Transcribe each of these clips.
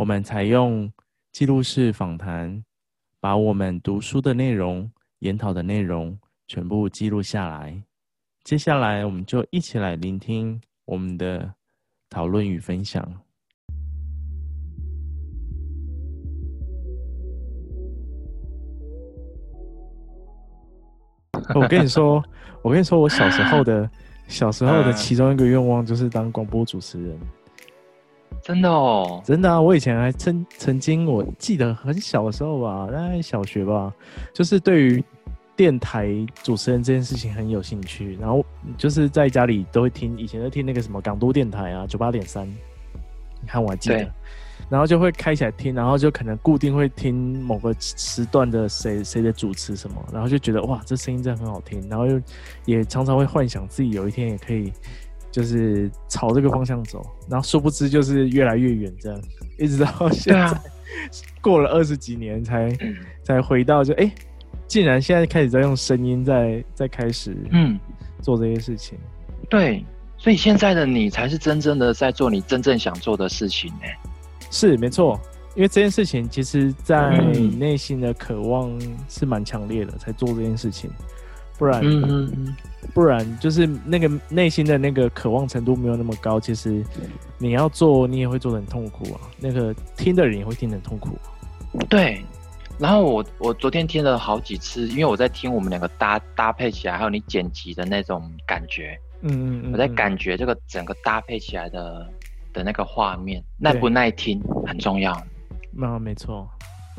我們採用記錄式訪談，把我們讀書的內容、研討的內容全部記錄下來。接下來，我們就一起來聆聽我們的討論與分享。 我跟你說，我跟你說，我小時候的小時候的其中一個願望就是當廣播主持人。真的哦，真的啊！我以前還曾曾經，我記得很小的時候吧，在小學吧，就是對於電台主持人這件事情很有興趣。然後就是在家裡都會聽，以前都聽那個什麼港都電台啊，九八點三，你看我還記得。對然後就會開起來聽，然後就可能固定會聽某個時段的誰誰的主持什麼，然後就覺得哇，這聲音真的很好聽。然後又也常常會幻想自己有一天也可以。就是朝這個方向走，然後殊不知就是越來越遠，這樣一直到現在，啊、 過了二十幾年才、嗯、才回到就，就、欸、哎，竟然現在開始在用聲音在在開始，嗯，做這些事情、嗯。對，所以現在的你才是真正的在做你真正想做的事情呢、欸。是沒錯，因為這件事情其實，在內心的渴望是蠻強烈的，才做這件事情。不然，嗯嗯，嗯不然就是那個內心的那個渴望程度沒有那麼高，其實你要做，你也會做的很痛苦啊。那個聽的人也會聽的很痛苦、啊。對。然後我我昨天聽了好幾次，因為我在聽我們兩個搭搭配起來，還有你剪輯的那種感覺。嗯，嗯嗯嗯。我在感覺這個整個搭配起來的的那個畫面對耐不耐聽很重要。那、嗯、沒錯。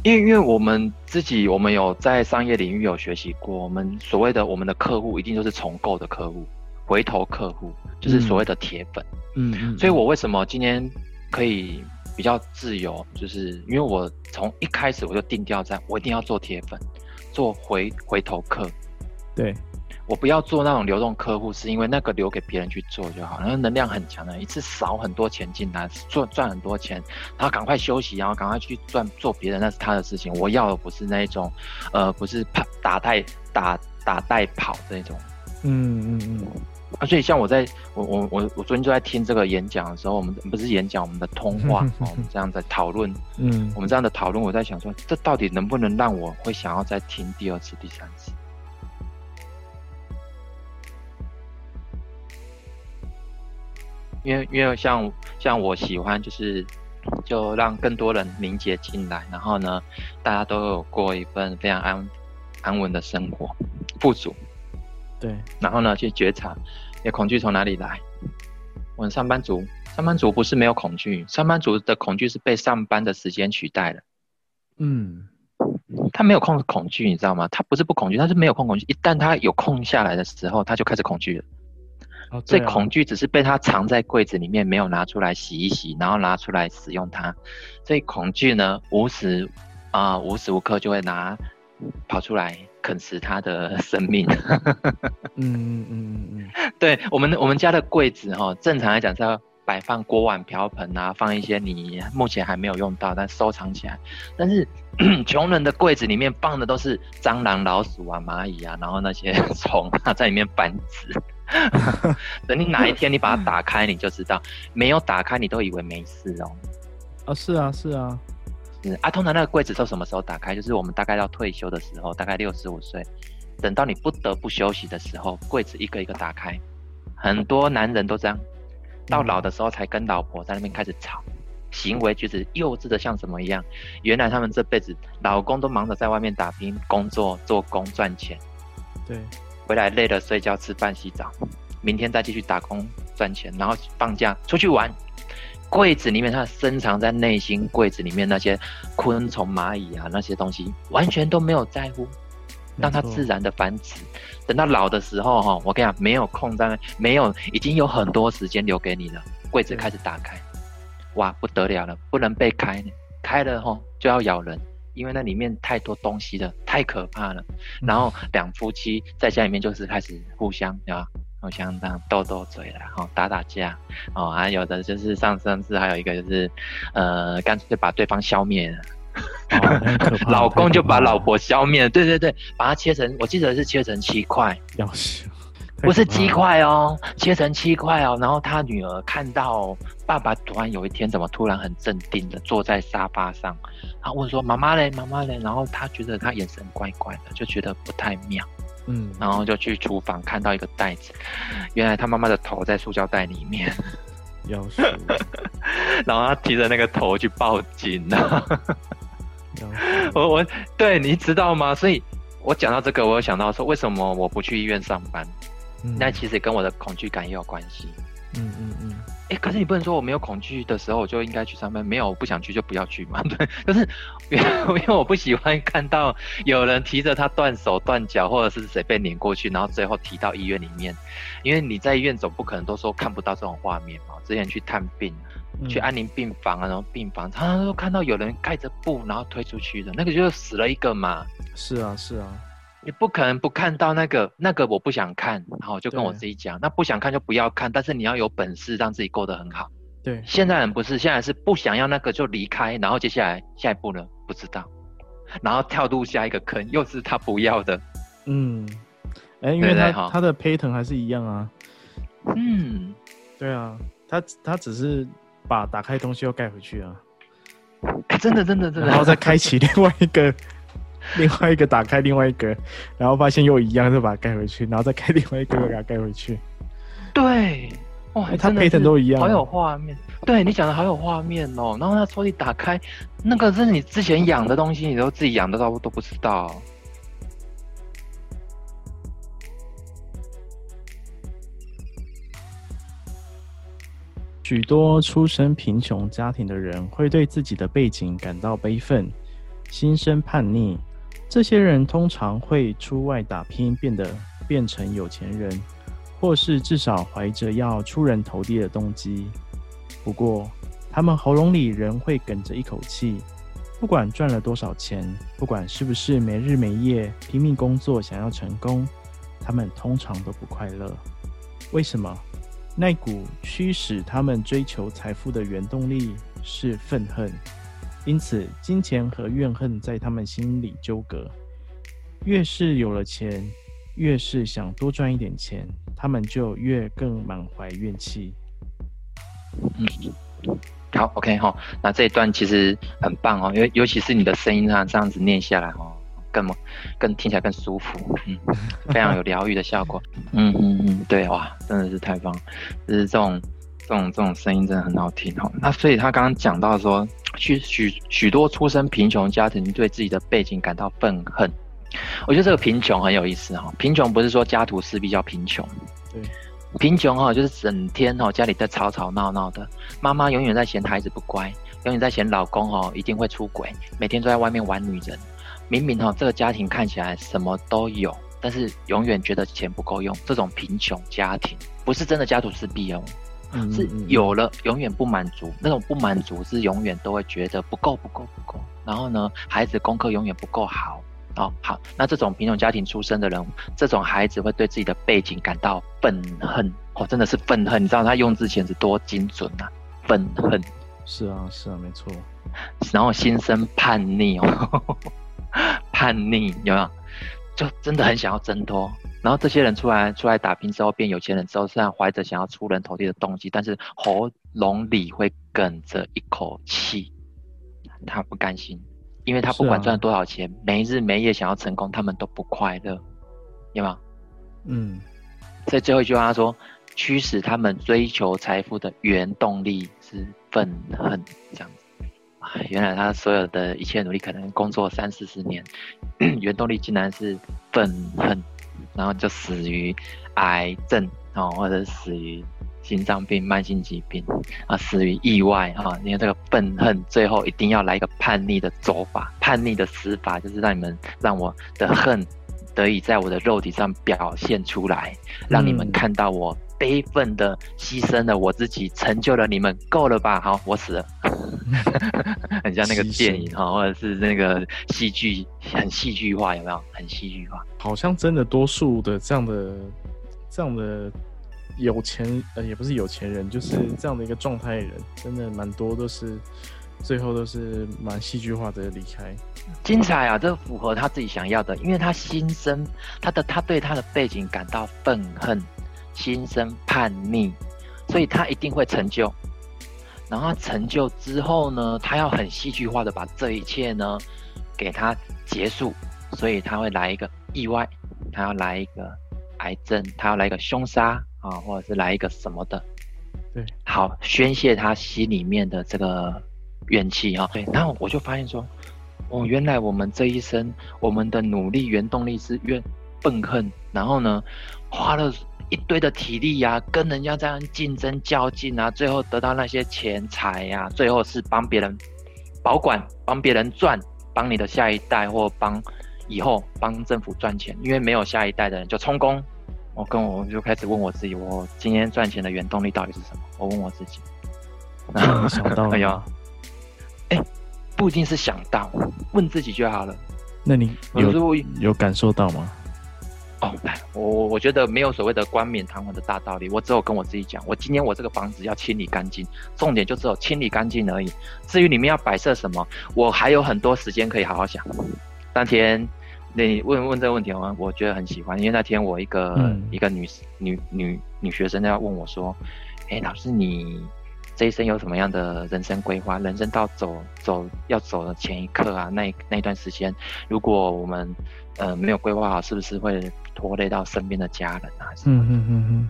因為因為我們自己，我們有在商業領域有學習過，我們所謂的我們的客戶一定就是重構的客戶，回頭客戶就是所謂的鐵粉嗯，嗯，嗯所以我為什麼今天可以比較自由，就是因為我從一開始我就定調在，我一定要做鐵粉，做回回頭客，對。我不要做那種流動客戶，是因為那個留給別人去做就好，然後能量很強的，一次掃很多錢進來，賺賺很多錢，然後趕快休息，然後趕快去賺做別人，那是他的事情。我要的不是那一種，呃，不是怕打帶打打帶跑那種。嗯嗯嗯。嗯嗯啊，所以像我在我我我我昨天就在聽這個演講的時候，我們不是演講，我們的通話，我們這樣在討論，嗯，嗯我們這樣的討論，我在想說，這到底能不能讓我會想要再聽第二次、第三次？因為，因為像像我喜歡，就是就讓更多人凝結進來，然後呢，大家都有過一份非常安安穩的生活，富足。對，然後呢，去覺察，你的恐懼從哪裡來？我們上班族，上班族不是沒有恐懼，上班族的恐懼是被上班的時間取代了。嗯，他沒有空恐懼，你知道嗎？他不是不恐懼，他是沒有空恐懼。一旦他有空下來的時候，他就開始恐懼了。所以恐懼只是被他藏在櫃子裡面，沒有拿出來洗一洗，然後拿出來使用它。所以恐懼呢，無時啊、呃、無時無刻就會拿跑出來啃食他的生命。嗯 嗯嗯，嗯嗯嗯，對，我們我們家的櫃子哈，正常來講是要擺放鍋碗瓢盆啊，放一些你目前還沒有用到但收藏起來。但是窮人的櫃子裡面放的都是蟑螂、老鼠啊、螞蟻啊，然後那些蟲啊在裡面繁殖。 等你哪一天你把它打開，你就知道。 沒有打開，你都以為沒事哦。啊、哦，是啊，是啊。是啊，通常那個櫃子都什麼時候打開？就是我們大概要退休的時候，大概六十五歲。等到你不得不休息的時候，櫃子一個一個打開。很多男人都這樣，到老的時候才跟老婆在那邊開始吵，嗯、行為舉止幼稚的像什麼一樣。原來他們這輩子老公都忙着在外面打拼、工作、做工、賺錢。對。回來累了，睡覺、吃飯、洗澡，明天再繼續打工賺錢，然後放假出去玩。櫃子裡面，它深藏在內心，櫃子裡面那些昆蟲、螞蟻啊，那些東西完全都沒有在乎，讓它自然的繁殖。錯等到老的時候，哈，我跟你講，沒有空，但沒有，已經有很多時間留給你了。櫃子開始打開，哇，不得了了，不能被開，開了吼就要咬人。因為那裡面太多東西了，太可怕了。然後兩夫妻在家裡面就是開始互相啊，互相這樣鬥鬥嘴啦，然後打打架，哦，還、啊、有的就是上上次還有一個就是，呃，乾脆就把對方消滅了，哦、 老公就把老婆消滅了，了對對對，把它切成，我記得是切成七塊，要死。不是七塊哦、喔，切成七塊哦、喔。然後他女兒看到爸爸突然有一天怎麼突然很鎮定的坐在沙發上。他問說：“媽媽嘞，媽媽嘞？”然後他覺得他眼神怪怪的，就覺得不太妙。嗯，然後就去廚房看到一個袋子，原來他媽媽的頭在塑膠袋裡面。數 然後他提着那個頭去報警呢數。 我我對，你知道嗎？所以，我講到這個，我又想到說，為什麼我不去醫院上班？嗯、那其實跟我的恐懼感也有關係、嗯。嗯嗯嗯。哎、欸，可是你不能說我沒有恐懼的時候，我就應該去上班。沒有，我不想去就不要去嘛。對。就是，原因為我不喜歡看到有人提着他斷手斷腳，或者是誰被碾過去，然後最後提到醫院裡面。因為你在醫院總不可能都說看不到這種畫面嘛。之前去探病，去安寧病房啊，然後病房、嗯、常常都看到有人蓋着布，然後推出去的，那個就是死了一個嘛。是啊，是啊。你不可能不看到那個，那個我不想看，然後就跟我自己講，對那不想看就不要看。但是你要有本事讓自己過得很好。對，現在人不是，現在是不想要那個就離開，然後接下來下一步呢？不知道，然後跳入下一個坑，又是他不要的。嗯，哎、欸，因為他對他，他的 pattern 還是一樣啊。嗯，對啊，他他只是把打開東西又蓋回去啊。哎、欸，真的真的真的。真的，然後再開啟另外一個。 另外一個打開另外一個，然後發現又一樣，就把它蓋回去，然後再開另外一個，又把它蓋回去。對，哇，它配的都一樣，好有畫面。 對，你講的好有畫面哦、喔。然後那抽屜打開，那個是你之前養的東西，你都自己養的，都都不知道。許多出身貧窮家庭的人，會對自己的背景感到悲憤，心生叛逆。這些人通常會出外打拼，變得變成有錢人，或是至少懷着要出人頭地的動機。不過，他們喉嚨裡仍會梗着一口氣，不管賺了多少錢，不管是不是沒日沒夜拼命工作想要成功，他們通常都不快樂。為什麼？那股驅使他們追求財富的原動力是憤恨。因此，金錢和怨恨在他們心裡糾葛。越是有了錢，越是想多賺一點錢，他們就越更滿懷怨氣。嗯，好，OK 齁，那這一段其實很棒哦，因為尤尤其是你的聲音上這樣子念下來哦，更更聽起來更舒服，嗯，非常有療癒的效果。 嗯嗯嗯，對，哇，真的是太棒了，就是這種。這種這種聲音真的很好聽哦。那所以他剛剛講到說，許許許多出身貧窮家庭，對自己的背景感到憤恨。我覺得這個貧窮很有意思哈、哦，貧窮不是說家徒四壁叫貧窮，對、嗯，貧窮哈就是整天哈、哦、家裡在吵吵鬧鬧的，媽媽永遠在嫌孩子不乖，永遠在嫌老公哦，一定會出軌，每天都在外面玩女人。明明哈、哦、這個家庭看起來什麼都有，但是永遠覺得錢不夠用。這種貧窮家庭不是真的家徒四壁哦。是有了，永遠不滿足，那種不滿足是永遠都會覺得不夠，不夠，不夠。然後呢，孩子功課永遠不夠好，哦，好。那這種貧窮家庭出身的人，這種孩子會對自己的背景感到憤恨，哦，真的是憤恨。你知道他用字遣詞多精準吶、啊，憤恨。是啊，是啊，沒錯。然後心生叛逆哦，叛逆有沒有？就真的很想要掙脫，然後這些人出來出來打拼之後變有錢人之後，雖然懷着想要出人頭地的動機，但是喉嚨裡會梗着一口氣，他不甘心，因為他不管賺多少錢，沒、啊、日沒夜想要成功，他們都不快樂，有嗎？嗯，所以最後一句話他說，驅使他們追求財富的原動力是憤恨。嗯，這樣子原來他所有的一切努力，可能工作三四十年， 原動力竟然是憤恨，然後就死於癌症啊、哦，或者死於心臟病、慢性疾病啊，死於意外啊。你、哦、看這個憤恨，最後一定要來一個叛逆的走法，叛逆的死法，就是讓你們讓我的恨得以在我的肉體上表現出來，讓你們看到我悲憤的犧牲了我自己，成就了你們，夠了吧？好，我死了。 像那個電影哈，其實，或者是那個戲劇，很戲劇化，有沒有？很戲劇化。好像真的，多數的這樣的、這樣的有錢呃，也不是有錢人，就是這樣的一個狀態的人，嗯、真的蠻多都是最後都是蠻戲劇化的離開。精彩啊！這符合他自己想要的，因為他心生他的他對他的背景感到憤恨，心生叛逆，所以他一定會成就。然後成就之後呢，他要很戲劇化的把這一切呢，給他結束，所以他會來一個意外，他要來一個癌症，他要來一個兇殺啊，或者是來一個什麼的，對，好宣洩他心裡面的這個怨氣啊。對，然後我就發現說，哦，原來我們這一生，我們的努力原動力是怨憤恨，然後呢，花了，一堆的體力呀、啊，跟人家這樣競爭較勁啊，最後得到那些錢財呀、啊，最後是幫別人保管，幫別人賺，幫你的下一代或幫以後幫政府賺錢，因為沒有下一代的人就充公。我跟我就開始問我自己，我今天賺錢的原動力到底是什麼？我問我自己，然後、哦、 想到哎呀，哎、 欸，不一定是想到，問自己就好了。那你有你是是有感受到嗎？哦，oh, 我我我覺得沒有所謂的冠冕堂皇的大道理，我只有跟我自己講，我今天我這個房子要清理乾淨，重點就只有清理乾淨而已。至於裡面要擺設什麼，我還有很多時間可以好好想。那天你問問這個問題，我我覺得很喜歡，因為那天我一個、嗯、一個女女女女學生要問我說：“哎、欸，老師，你這一生有什麼樣的人生規劃？人生到走走要走的前一刻啊，那那段時間，如果我們呃沒有規劃好，是不是會？”拖累到身邊的家人啊！是是，嗯嗯嗯，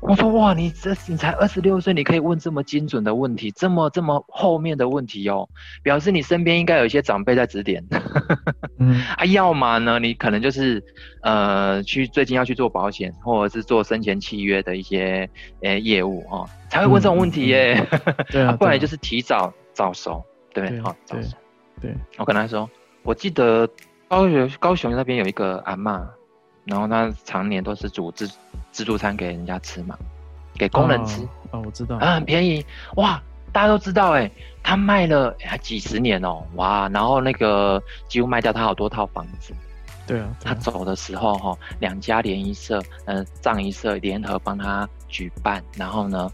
我說，哇，你這，你才二十六歲，你可以問這麼精準的問題，這麼這麼後面的問題哦、喔，表示你身邊應該有一些長輩在指點。 嗯，啊，要麼呢，你可能就是呃，去最近要去做保險，或者是做生前契約的一些呃、欸、業務哦、喔，才會問這種問題耶。對、啊，不然就是提早早熟、啊，對，好守，對，對。我跟他說，我記得高雄高雄那邊有一個阿嬤。然後他常年都是煮自自助餐給人家吃嘛，給工人吃啊、哦哦，我知道啊，很便宜哇，大家都知道誒他賣了幾十年哦哇，然後那個幾乎賣掉他好多套房子，對啊，對啊，他走的時候哈、哦，兩家聯誼社呃葬儀社聯合幫他舉辦，然後呢，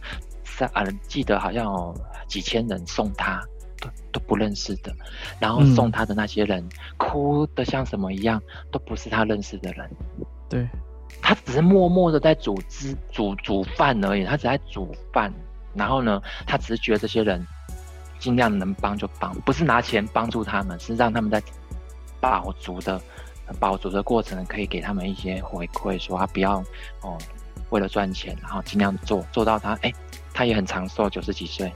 三啊記得好像、哦、有幾千人送他。都不認識的，然後送他的那些人，嗯、哭得像什麼一樣，都不是他認識的人。對，他只是默默地在煮汁、煮煮飯而已，他只在煮飯。然後呢，他只是覺得這些人盡量能幫就幫，不是拿錢幫助他們，是讓他們在飽足的飽足的過程，可以給他們一些回饋，說他不要哦、呃，為了賺錢，然後盡量做做到他，誒，他也很長壽，九十幾歲。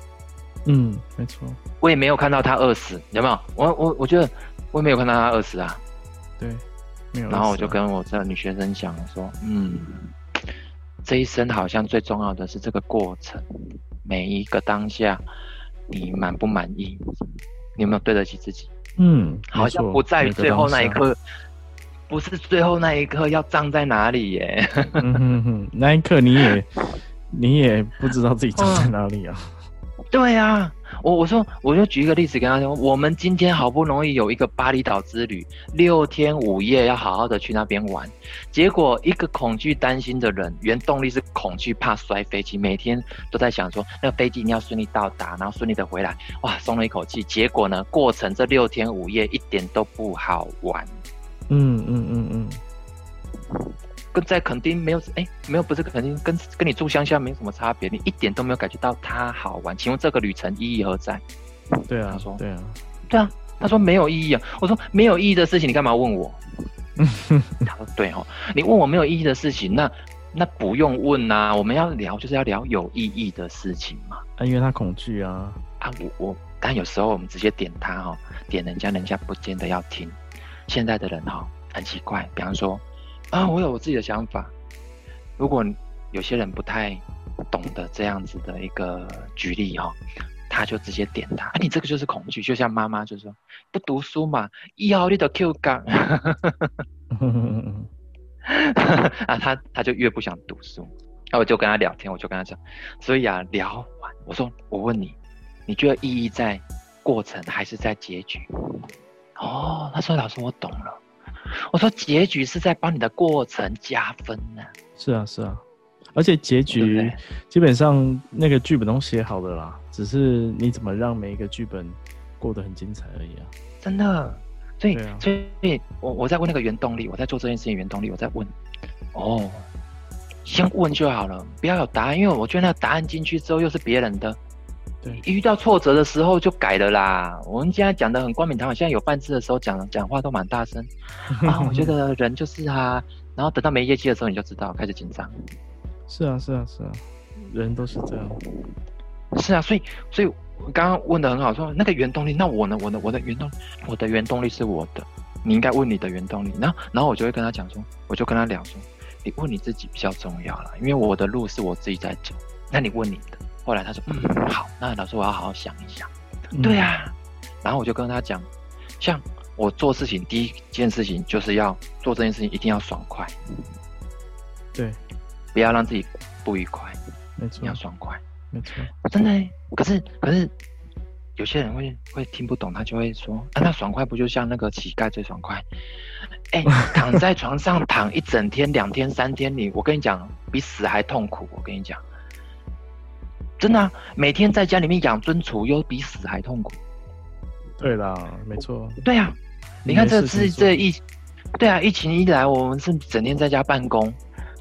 嗯，沒錯，我也沒有看到他餓死，有沒有？我我我覺得我也沒有看到他餓死啊。對，沒有、啊。然後我就跟我這女學生講說，嗯，這一生好像最重要的是這個過程，每一個當下你滿不滿意，你有沒有對得起自己？嗯，好像不在於最後那一刻，一啊、不是最後那一刻要葬在哪裡耶、欸 嗯。那一刻你也你也不知道自己葬在哪裡啊。對啊，我我說我就舉一個例子跟他說，我們今天好不容易有一個巴厘島之旅，六天五夜要好好的去那邊玩，結果一個恐懼擔心的人，原動力是恐懼，怕摔飛機，每天都在想說那個飛機你要順利到達，然後順利的回來，哇，鬆了一口氣，結果呢，過程這六天五夜一點都不好玩，嗯嗯嗯嗯。嗯嗯跟在墾丁沒有，誒、欸，沒有不是墾丁跟跟你住鄉下沒有什麼差別，你一點都沒有感覺到他好玩。請問這個旅程意義何在？對啊，他說，對啊，對啊，他說沒有意義啊。我說沒有意義的事情你幹嘛問我？ 他說對哦，你問我沒有意義的事情，那那不用問吶、啊。我們要聊就是要聊有意義的事情嘛。啊，因為他恐懼啊。啊，我我，但有時候我們直接點他哈、哦，點人家人家不見得要聽。現在的人哈、哦、很奇怪，比方說。啊，我有我自己的想法。如果有些人不太懂得這樣子的一個舉例哦，他就直接點他。啊，你這個就是恐懼，就像媽媽就說：“不讀書嘛，要你的 Q 槓。”啊，他他就越不想讀書。那，啊，我就跟他聊天，我就跟他講，所以啊，聊完，我說我問你，你覺得意義在過程還是在結局？哦，他說老師，我懂了。我說，結局是在幫你的過程加分呢、啊。是啊是啊，而且結局對基本上那個劇本都寫好了啦，只是你怎麼讓每一個劇本過得很精彩而已啊。真的，所以、啊、所以所以，我我在問那個原動力，我在做這件事情原動力，我在問。哦，先問就好了，不要有答案，因為我覺得那個答案進去之後又是別人的。對一遇到挫折的時候就改了啦。我們現在講的很冠冕堂皇，現在有飯吃的時候講講話都蠻大聲 啊。我覺得人就是他、啊、然後等到沒業績的時候你就知道開始緊張、啊。是啊是啊是啊，人都是這樣。是啊，所以所以剛剛問的很好說，說那個原動力，那我呢？我的我的原動，我的原動力是我的。你應該問你的原動力。然後然後我就會跟他講說，我就跟他聊說，你問你自己比較重要了，因為我的路是我自己在走，那你問你的。後來他說：“嗯，好，那老師，我要好好想一想。嗯”對啊，然後我就跟他講：“像我做事情第一件事情，就是要做這件事情一定要爽快，對，不要讓自己不愉快，沒錯要爽快，沒錯錯。真的、欸，可是可是有些人會會聽不懂，他就會說、啊：‘那爽快不就像那個乞丐最爽快？’哎、欸，躺在床上躺一整天、兩 天、三天裡，你我跟你講，比死還痛苦，我跟你講。”真的啊，每天在家裡面養尊處優，又比死還痛苦。對啦，沒錯。對啊，你，你看這次這一，對啊，疫情一來，我們是整天在家辦公。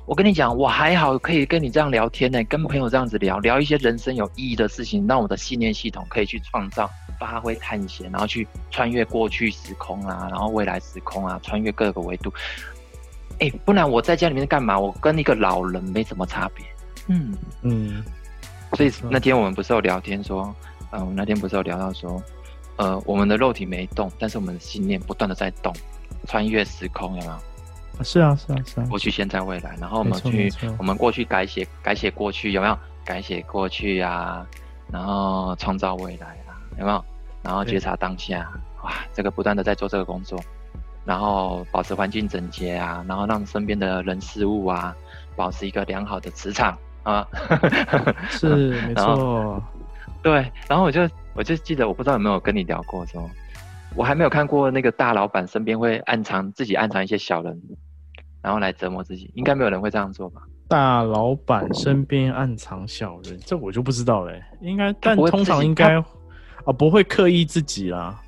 我跟你講，我還好可以跟你這樣聊天呢、欸，跟朋友這樣子聊聊一些人生有意義的事情，讓我的信念系統可以去創造、發揮、探險，然後去穿越過去時空啊，然後未來時空啊，穿越各個維度。哎、欸，不然我在家裡面幹嘛？我跟一個老人沒什麼差別。嗯嗯。所以那天我們不是有聊天說，嗯、呃，我那天不是有聊到說，呃，我們的肉體沒動，但是我們的信念不斷的在動，穿越時空，有沒有？啊是啊，是啊，是啊，過去、現在、未來，然後我們去，我們過去改寫，改寫過去有沒有？改寫過去啊，然後創造未來啊，有沒有？然後覺察當下，對哇，這個不斷的在做這個工作，然後保持環境整潔啊，然後讓身邊的人事物啊，保持一個良好的磁場。啊， 是後沒錯錯，對，然後我就我就記得，我不知道有沒有跟你聊過的時候，說我還沒有看過那個大老闆身邊會暗藏自己暗藏一些小人，然後來折磨自己，應該沒有人會這樣做吧？大老闆身邊暗藏小人， 這我就不知道了，應該但通常應該啊不會刻意自己啦。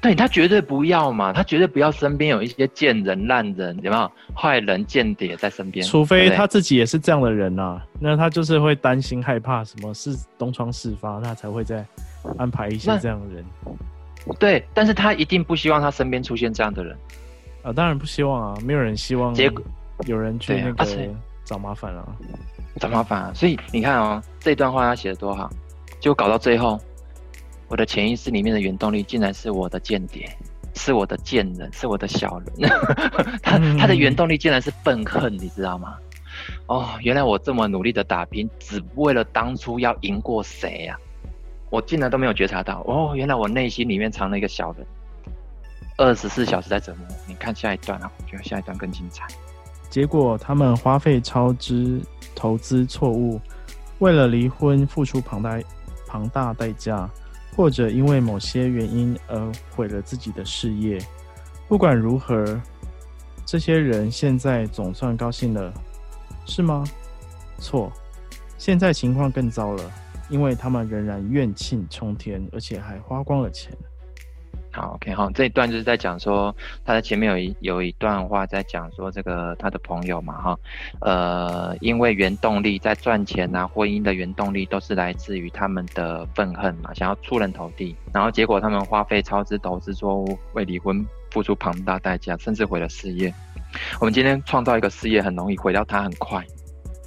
對，他絕對不要嘛，他絕對不要身邊有一些賤人、爛人，有沒有壞人、間諜在身邊？除非他自己也是這樣的人吶、啊，對那他就是會擔心、害怕，什麼事東窗事發，他才會再安排一些這樣的人。對，但是他一定不希望他身邊出現這樣的人。啊，當然不希望啊，沒有人希望結果有人去那個找麻煩啊，啊啊找麻煩啊。對所以你看啊、哦，這段話他寫的多好，就搞到最後。我的潛意識裡面的原動力，竟然是我的間諜，是我的賤人，是我的小人。 他、嗯、他的原動力竟然是憤恨，你知道嗎？哦，原來我這麼努力的打拼，只為了當初要贏過誰呀、啊？我竟然都沒有覺察到。哦，原來我內心裡面藏了一個小人，二十四小時在折磨我。你看下一段啊，我覺得下一段更精彩。結果他們花費超支，投資錯誤，為了離婚付出龐大龐大代價。或者因為某些原因而毀了自己的事業，不管如何，這些人現在總算高興了，是嗎？錯，現在情況更糟了，因為他們仍然怨氣沖天，而且還花光了錢。好，OK，好，這一段就是在講說，他的前面有一有一段話在講說，這個他的朋友嘛，哈，呃，因為原動力在賺錢吶、啊，婚姻的原動力都是來自於他們的憤恨嘛，想要出人頭地，然後結果他們花費超支都是說為離婚付出龐大代價，甚至毀了事業。我們今天創造一個事業很容易，毀掉他，很快。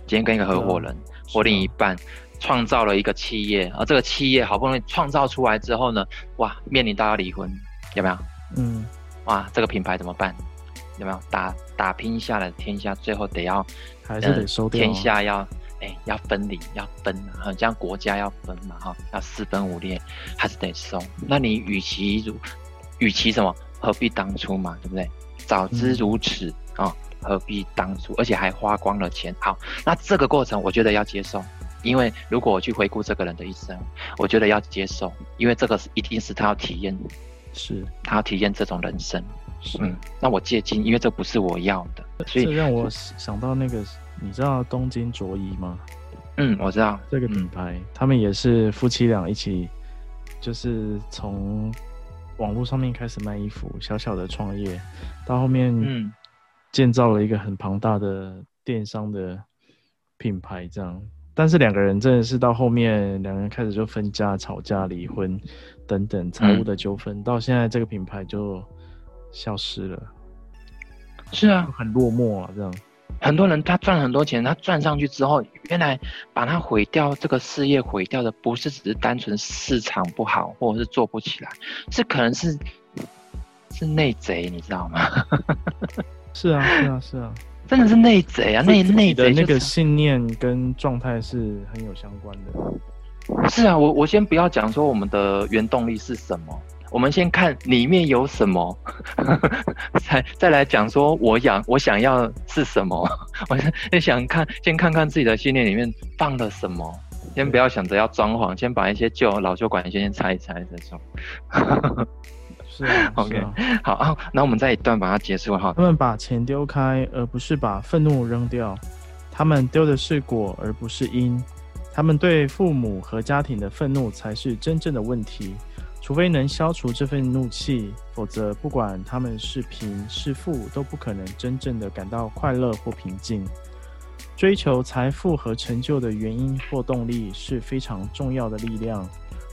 今天跟一個合夥人或另一半。嗯創造了一個企業，而、啊、這個企業好不容易創造出來之後呢，哇，面臨到要離婚，有沒有？嗯，哇，這個品牌怎麼辦？有沒有打打拼下來的天下，最後得要還是得收掉？呃、天下要誒，要分離，要分，這、嗯、樣國家要分嘛哈、哦，要四分五裂，還是得收。那你與其如與其什麼，何必當初嘛，對不對？早知如此啊、嗯哦，何必當初？而且還花光了錢。好，那這個過程我覺得要接受。因為如果我去回顧這個人的一生，我覺得要接受，因為這個是一定是他要體驗，是他要體驗這種人生。是、嗯，那我借鏡，因為這不是我要的，所以讓我想到那個，就你知道東京著衣嗎？嗯，我知道這個品牌，嗯、他們也是夫妻倆一起，就是從網絡上面開始賣衣服，小小的創業，到後面嗯，建造了一個很龐大的電商的品牌，這樣。但是兩個人真的是到後面，兩個人開始就分家、吵架、離婚，等等財務的糾紛，嗯，到現在這個品牌就消失了。是啊，很落寞啊，這樣。很多人他賺很多錢，他賺上去之後，原來把他毀掉這個事業毀掉的，不是只是單純市場不好，或者是做不起來，是可能是是內賊，你知道嗎？ 是啊，是啊，是啊。 真的是內賊啊！內內賊。那個信念跟狀態是很有相關的。是啊，我我先不要講說我們的原動力是什麼，我們先看裡面有什麼， 再再來講說我想我想要是什麼。我先先想看，先看看自己的信念裡面放了什麼。先不要想着要裝潢，先把一些舊老舊管先先拆一拆再說。 是 OK，好,好那我們再一段把它結束完哈。好他們把錢丟開，而不是把憤怒扔掉。他們丟的是果，而不是因。他們對父母和家庭的憤怒才是真正的問題。除非能消除這份怒氣，否則不管他們是貧是富，都不可能真正的感到快樂或平靜。追求財富和成就的原因或動力是非常重要的力量。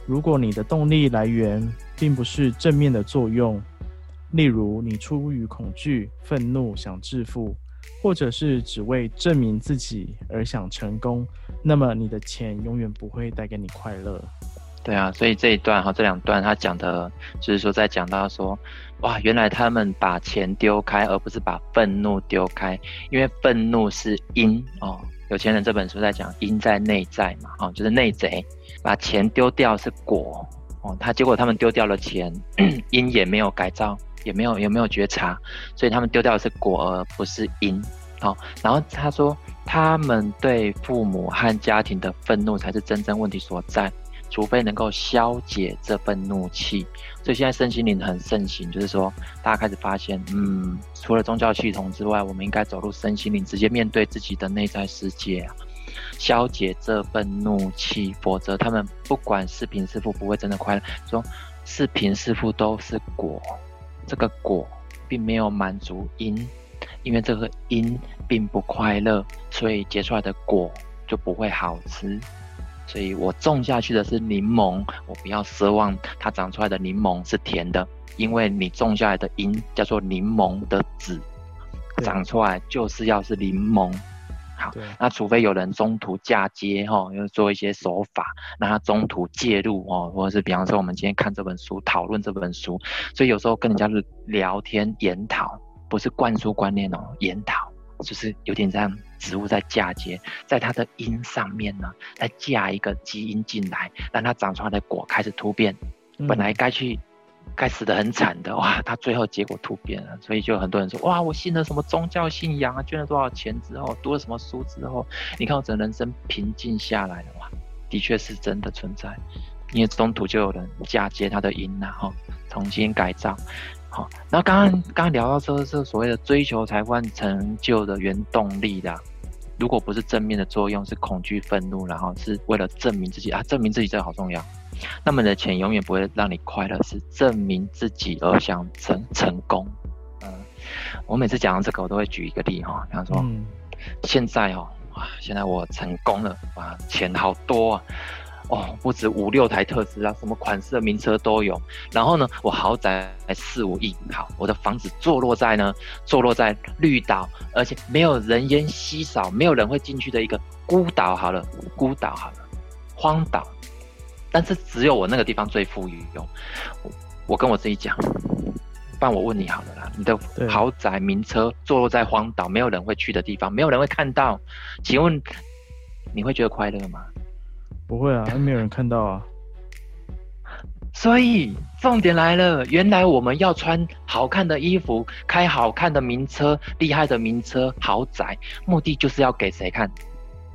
如果你的動力來源並不是正面的作用，例如你出於恐懼、憤怒想致富，或者是只為證明自己而想成功，那麼你的錢永遠不會帶給你快樂。對啊，所以這一段哈，這兩段他講的就是說，在講到說，哇，原來他們把錢丟開，而不是把憤怒丟開，因為憤怒是因、嗯、哦。有錢人這本書在講因在內在嘛，哦，就是內賊，把錢丟掉是果，哦，他結果他們丟掉了錢，咳咳，因也沒有改造，也沒有也沒有覺察，所以他們丟掉的是果而不是因，好，哦，然後他說他們對父母和家庭的憤怒才是真正問題所在，除非能夠消解這份怒氣。所以現在身心靈很盛行，就是說，大家開始發現，嗯，除了宗教系統之外，我們應該走入身心靈，直接面對自己的內在世界啊，消解這份怒氣。否則，他們不管是貧是富，不會真的快樂。說，是貧是富都是果，這個果並沒有滿足因，因為這個因並不快樂，所以結出來的果就不會好吃。所以我種下去的是檸檬，我不要奢望它長出來的檸檬是甜的，因為你種下來的因叫做檸檬的籽，長出來就是要是檸檬。好，對那除非有人中途嫁接哈，要做一些手法，讓它中途介入哦，或者是比方說我們今天看這本書，討論這本書，所以有時候跟人家聊天研討，不是灌輸觀念哦、喔，研討就是有點這樣。植物在嫁接，在它的因上面呢，再嫁一個基因進來，讓它長出來的果開始突變。本來該去該死得很的很慘的哇，它最後結果突變了，所以就很多人說哇，我信了什麼宗教信仰啊，捐了多少錢之後，讀了什麼書之後，你看我整個人生平靜下來了哇，的確是真的存在，因為中途就有人嫁接它的因、啊，然後重新改造。好、哦，那剛剛剛剛聊到說個，這所謂的追求財富成就的原動力的。如果不是正面的作用，是恐懼、憤怒，然後是為了證明自己啊，證明自己這個好重要。那麼你的錢永遠不會讓你快樂，是證明自己而想成成功。嗯，我每次講到這個，我都會舉一個例哈，比方說，嗯，現在哦，哇，現在我成功了，哇，啊，錢好多啊。哦，不止五六台特斯拉，啊，什麼款式的名車都有。然後呢，我豪宅四五億，好，我的房子坐落在呢，坐落在綠島，而且沒有人煙稀少，沒有人會進去的一個孤島，好了，孤島好了，荒島。但是只有我那個地方最富裕喲。我跟我自己講，不然我問你好了啦，你的豪宅名車坐落在荒島，沒有人會去的地方，沒有人會看到，請問你會覺得快樂嗎？不會啊，還沒有人看到啊。所以重點來了，原來我們要穿好看的衣服，開好看的名車、厲害的名車、豪宅，目的就是要給誰看？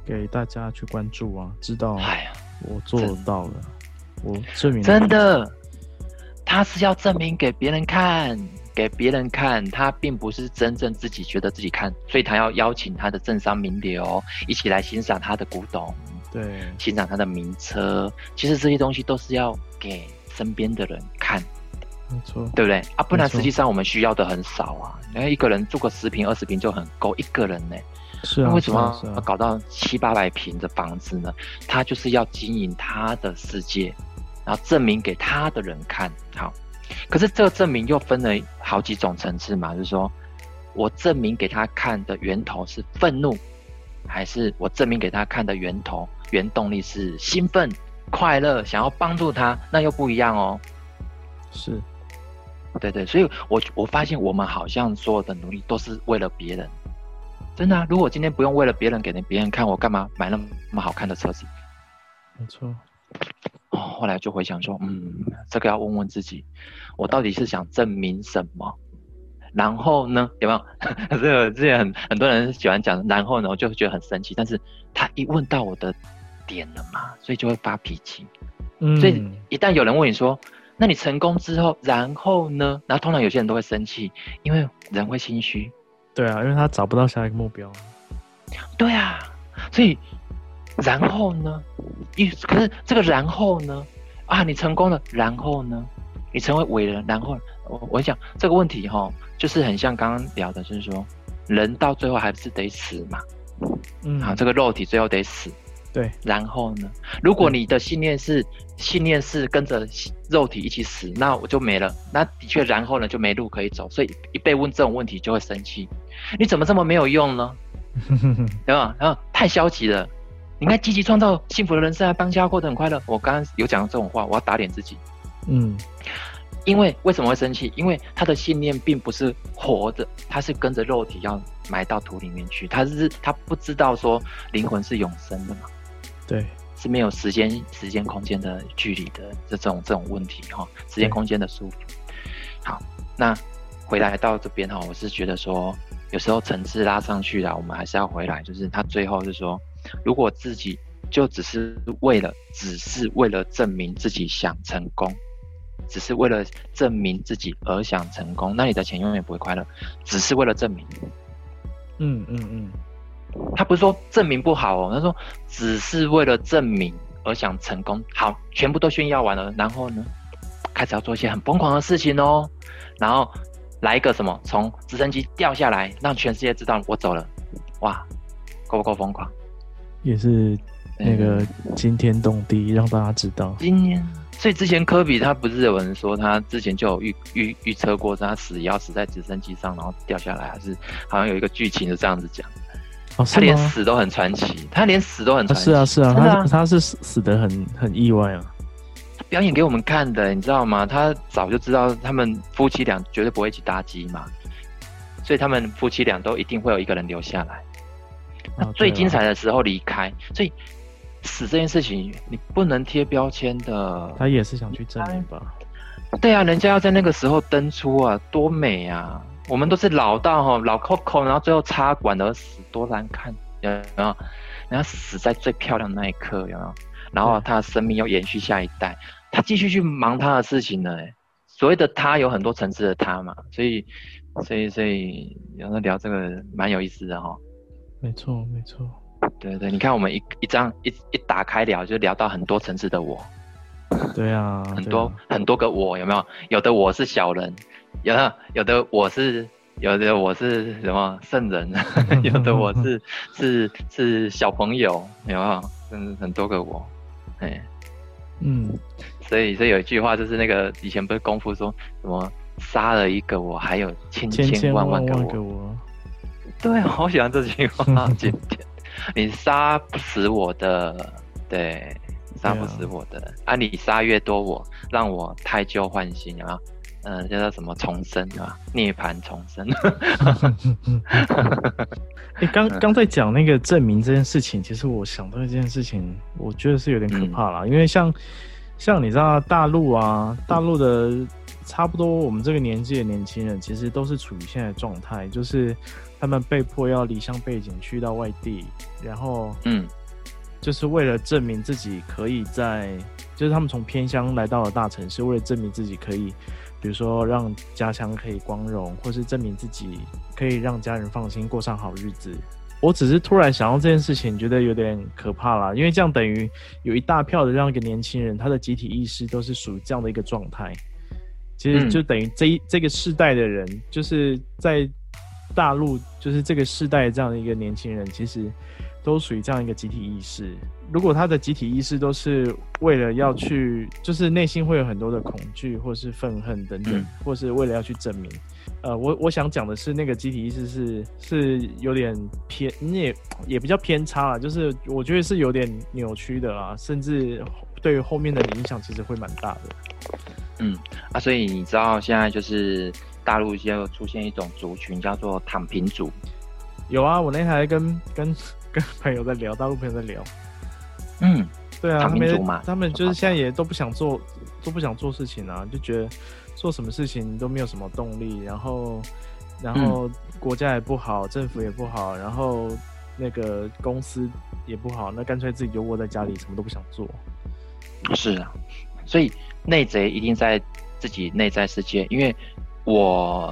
給大家去關注啊，知道？哎呀呦，我做到了，的我證明真的，他是要證明給別人看，給別人看，他並不是真正自己覺得自己看，所以他要邀請他的政商名流、哦、一起來欣賞他的古董。對，欣賞他的名車，其實這些東西都是要給身邊的人看的，沒錯，對不對啊？不然實際上我們需要的很少啊。沒錯，然後一個人住個十坪、二十坪就很夠一個人呢。是啊，為什麼要搞到七八百坪的房子呢？他就是要經營他的世界，然後證明給他的人看。好，可是這個證明又分了好幾種層次嘛，就是說我證明給他看的源頭是憤怒，還是我證明給他看的源頭？原動力是興奮、快樂，想要幫助他，那又不一樣哦。是，對對對，所以我我發現我們好像所有的努力都是為了別人。真的啊，如果今天不用為了別人給人別人看，我幹嘛買那麼好看的車子？沒錯錯。後來就回想說，嗯，這個要問問自己，我到底是想證明什麼？然後呢，有沒有？這 個之前很很多人喜歡講，然後呢，我就覺得很生氣。但是他一問到我的。點了嘛，所以就會發脾氣。嗯，所以一旦有人問你說：“那你成功之後，然後呢？”然後通常有些人都會生氣，因為人會心虛。對啊，因為他找不到下一個目標。對啊，所以然後呢？一可是這個然後呢？啊，你成功了，然後呢？你成為偉人，然後我我想這個問題哈，就是很像剛剛聊的，就是說人到最後還是得死嘛。嗯，好，啊，這個肉體最後得死。對，然後呢？如果你的信念是信念是跟着肉體一起死，那我就沒了。那的確，然後呢就沒路可以走。所以一被問這種問題，就會生氣。你怎麼這麼沒有用呢？對吧、 嗯？然、嗯、後太消極了。你應該積極創造幸福的人生啊，當下過得很快樂。我剛剛有講這種話，我要打臉自己。嗯，因為為什麼會生氣？因為他的信念並不是活着，他是跟着肉體要埋到土裡面去。他是他不知道說靈魂是永生的嘛。對，是沒有時間、時間、空間的距離的這種這種問題哈，時間空間的束縛。對好，那回來到這邊哈，我是覺得說，有時候層次拉上去了，我們還是要回來，就是他最後是說，如果自己就只是為了，只是為了證明自己想成功，只是為了證明自己而想成功，那你的錢永遠不會快樂，只是為了證明。嗯嗯嗯。嗯嗯他不是說證明不好哦，他說只是為了證明而想成功。好，全部都炫耀完了，然後呢，開始要做一些很瘋狂的事情哦。然後來一個什麼，從直升機掉下來，讓全世界知道我走了。哇，夠不夠瘋狂？也是那個驚天動地，嗯、讓大家知道。今天。所以之前科比他不是有人說他之前就有預預預測過他死也要死在直升機上，然後掉下來，還是好像有一個劇情是這樣子講。哦、他連死都很傳奇，他連死都很傳奇、啊。是啊，是啊，啊他他是死死得很很意外啊。他表演給我們看的，你知道嗎？他早就知道他們夫妻倆絕對不會一起搭機嘛，所以他們夫妻倆都一定會有一個人留下來。最精彩的時候離開，啊啊、所以死這件事情你不能貼標籤的。他也是想去證明吧？對啊，人家要在那個時候登出啊，多美啊！我們都是老到吼老扣扣，然後最後插管的死，多難看有沒有？然後死在最漂亮的那一刻有沒有？然後他的生命又延續下一代，他繼續去忙他的事情了。所謂的他有很多層次的他嘛，所以所以所以，然後聊這個蠻有意思的哈、哦。沒錯，沒錯。對對，你看我們一一張一一打開聊，就聊到很多層次的我。對啊，對啊 很多很多個我有沒有？有的我是小人。有的有，的有的我是有的我是什麼聖人， 有的我是 是是小朋友，有沒有？很多個我，嗯，所以所以有一句話就是那個以前不是功夫說什麼殺了一個我還有千千萬萬個我，對，好喜歡這句話。今天 你殺不死我的，對，殺不死我的，啊，啊，你殺越多我，讓我汰舊換新，啊。呃、嗯，叫做什麼重生對吧？啊、涅槃重生。你剛剛在講那個證明這件事情，其實我想到一件事情，我覺得是有點可怕了，嗯、因為像像你知道大陸啊，大陸的差不多我們這個年紀的年輕人，其實都是處於現在狀態，就是他們被迫要離鄉背井去到外地，然後嗯，就是為了證明自己可以在，嗯、就是他們從偏鄉來到了大城市，為了證明自己可以。比如說，讓家鄉可以光榮，或是證明自己，可以讓家人放心過上好日子。我只是突然想到這件事情，覺得有點可怕啦。因為這樣等於有一大票的這樣一個年輕人，他的集體意識都是屬於這樣的一個狀態。其實就等於這一這個世代的人，就是在大陸，就是這個世代這樣的一個年輕人，其實。都屬於這樣一個集體意識。如果他的集體意識都是為了要去，就是內心會有很多的恐懼，或是憤恨等等，嗯、或是為了要去證明。呃，我我想講的是，那個集體意識是是有點偏，嗯、也也比較偏差啦，就是我覺得是有點扭曲的啦，甚至對後面的影響其實會蠻大的。嗯，啊，所以你知道現在就是大陸現在出現一種族群叫做“躺平族”。有啊，我那台跟跟。 跟朋友在聊，大陸朋友在聊。嗯，對啊，他們他們就是現在也都不想做，都，都不想做事情啊，就覺得做什麼事情都沒有什麼動力。然後，然後國家也不好，嗯、政府也不好，然後那個公司也不好，那乾脆自己就窩在家裡，嗯、什麼都不想做。是啊，所以內賊一定在自己內在世界，因為我，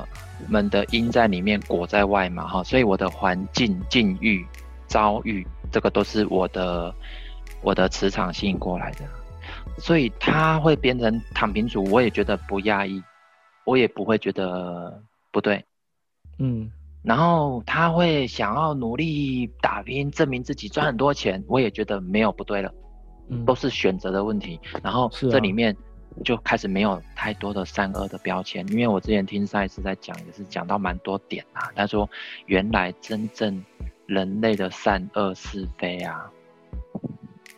我們的因在裡面，果在外嘛，哈，所以我的環境境遇。遭遇，這個都是我的，我的磁場吸引過來的，所以他會變成躺平族，我也覺得不訝異，我也不會覺得不對，嗯。然後他會想要努力打拼，證明自己賺很多錢，我也覺得沒有不對了，嗯，都是選擇的問題。然後這裡面就開始沒有太多的善惡的標籤，啊、因為我之前聽賽斯在講，也是講到蠻多點啊。他說，原來真正。人類的善惡是非啊，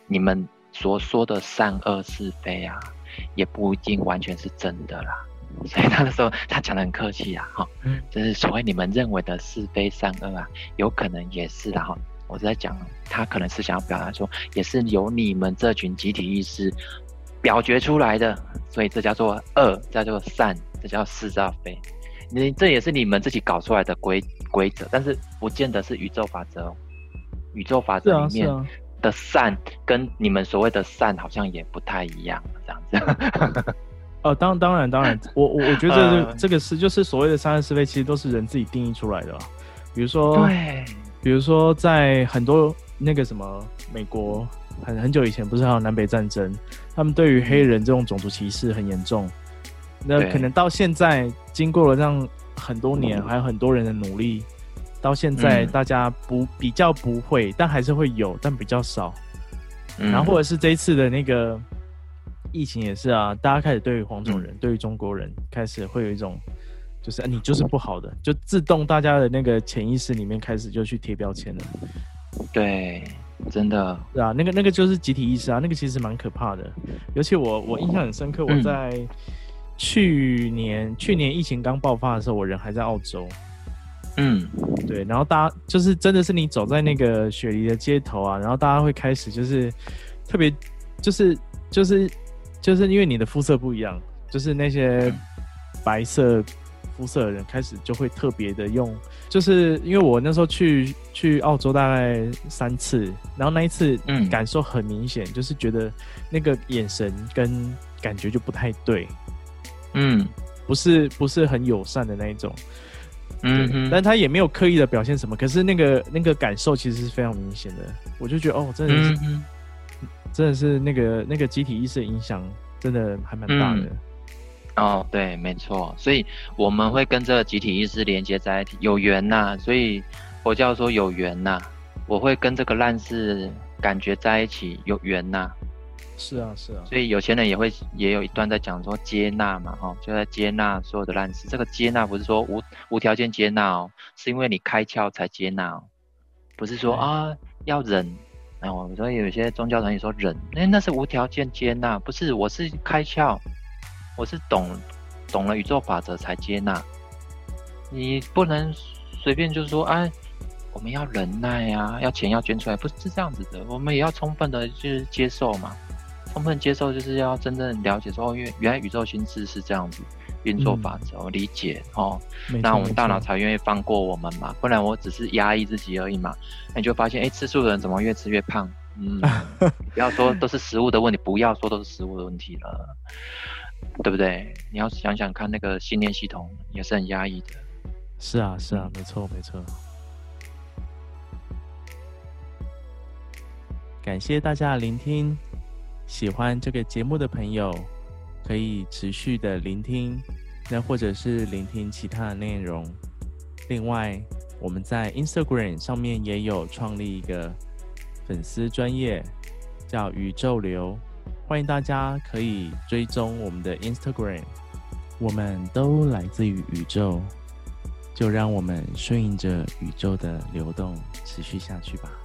你們所說的善惡是非啊，也不一定完全是真的啦。所以他那時候，他講得很客氣啊，哈，嗯、就是所謂你們認為的是非善惡啊，有可能也是，然後我在講，他可能是想要表達說，也是由你們這群集體意識表決出來的，所以這叫做惡，叫做善，這叫是，這叫非。你這也是你們自己搞出來的規。規則，但是不見得是宇宙法則，哦。宇宙法則裡面的善跟你們所謂的善好像也不太一樣，這樣子，啊。啊、 哦，當當然當然， 我我我覺得這個是，呃、這個是就是所謂的善惡是非，其實都是人自己定義出來的，啊。比如說，對比如說在很多那個什麼，美國很很久以前不是還有南北戰爭，他們對於黑人這種種族歧視很嚴重。那可能到現在經過了讓。很多年，還有很多人的努力，到現在大家不、嗯、比較不會，但還是會有，但比較少。然後或者是這一次的那個疫情也是啊，大家開始對於黃種人、嗯、對於中國人開始會有一種，就是、啊、你就是不好的，就自動大家的那個潛意識裡面開始就去貼標籤了。對，真的，是啊，那個那個就是集體意識啊，那個其實蠻可怕的。尤其我我印象很深刻，我在。嗯去年，去年疫情剛爆發的時候，我人還在澳洲。嗯，對。然後大家就是真的是你走在那個雪梨的街頭啊，然後大家會開始就是特別、就是，就是就是就是因為你的膚色不一樣，就是那些白色膚色的人開始就會特別的用，就是因為我那時候去去澳洲大概三次，然後那一次感受很明顯，嗯、就是覺得那個眼神跟感覺就不太對。嗯，不是不是很友善的那一種，嗯嗯，但他也沒有刻意的表現什麼，可是那個那個感受其實是非常明顯的，我就覺得哦，真的是，嗯嗯真的是那個那個集體意識影響，真的還蠻大的、嗯。哦，對，沒錯，所以我們會跟這個集體意識連接在一起，有緣吶、啊。所以我叫做有緣吶、啊，我會跟這個爛事感覺在一起有緣吶、啊。是啊，是啊，所以有錢人也會也有一段在講說接納嘛，哈、哦，就在接納所有的爛事。這個接納不是說無無條件接納，哦，是因為你開竅才接納，哦。不是說對啊要忍。然後我說有些宗教團體說忍，那、欸、那是無條件接納，不是，我是開竅，我是懂懂了宇宙法則才接納。你不能隨便就說啊，我們要忍耐呀、啊，要錢要捐出來，不是這樣子的，我們也要充分的去接受嘛。充分接受？就是要真正了解說，說哦，因為原來宇宙心智是這樣子運作法則，嗯、理解哦，錯那我們大腦才願意放過我們嘛，不然我只是壓抑自己而已嘛。那你就發現，哎、欸，吃素的人怎麼越吃越胖？嗯， 你不要說都是食物的問題，不要說都是食物的問題了，對不對？你要想想看，那個信念系統也是很壓抑的。是啊，是啊，沒錯，沒錯。感謝大家聆聽。喜歡這個節目的朋友，可以持續的聆聽，那或者是聆聽其他的內容。另外，我們在 Instagram 上面也有創立一個粉絲專頁，叫宇宙流，歡迎大家可以追蹤我們的 Instagram。我們都來自於宇宙，就讓我們順應着宇宙的流動，持續下去吧。